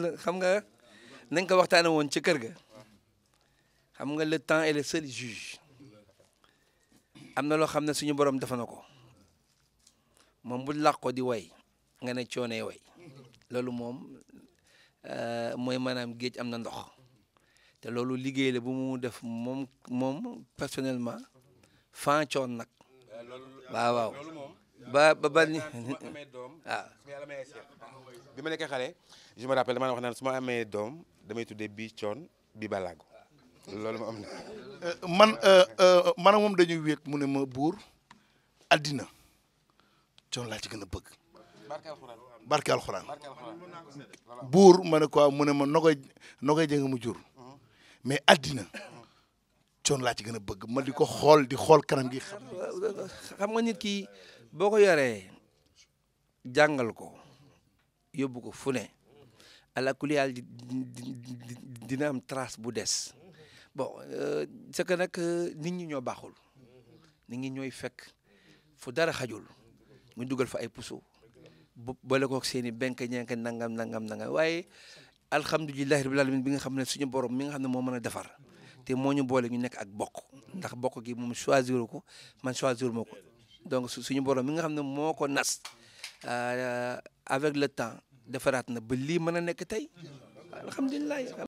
la xam nga nañ ko waxtaane woon ci kër ga xam nga le temps et le seul juge am na loo xam ne suñu borom dafa na ko moom bu làq ko di way nga ne coonee way loolu moom euh, mooy maanaam géej am na ndox te loolu liggéey la bu mu def moom moom personnellement fan coon nag euh, waaw waaw ba ba ba ni ah. bi ma nekkee xale su ma amee doom damay tuddee bii coon bi balaago loolu ma am na euh, man euh, euh, maanaam moom dañuy wéet mu ne ma buur addina coon laa ci gën a bëgg barke alxuraan buur ma ne quoi mu ne ma nogoy nogoy jëng mu jur mhm. mais addina coon laa ci gën a bëgg ma di ko xool di xool kanam gi xam nga nit ki boo ko yoree jàngal ko yóbbu ko fu ne ala kulli yàlla dina am trace bu des bon euh, c'est que nag euh, nit ñi ñoo baaxul nit ñi ñooy fekk fu dara xajul mu dugal fa ay puso boole koog seen i benk ñenk nangam nangam nangam waaye alhamdulilahi rabbil alamin bi nga xam ne suñu borom mi nga xam ne moo mën a defar te moo ñu boole ñu nekk ak bokk ndax bokk gi moom choisir ko man choisir ma ko donc suñu borom mi nga xam ne moo ko nas euh, avec le temps defaraat na ba lii mën a nekk tey alhamdulilah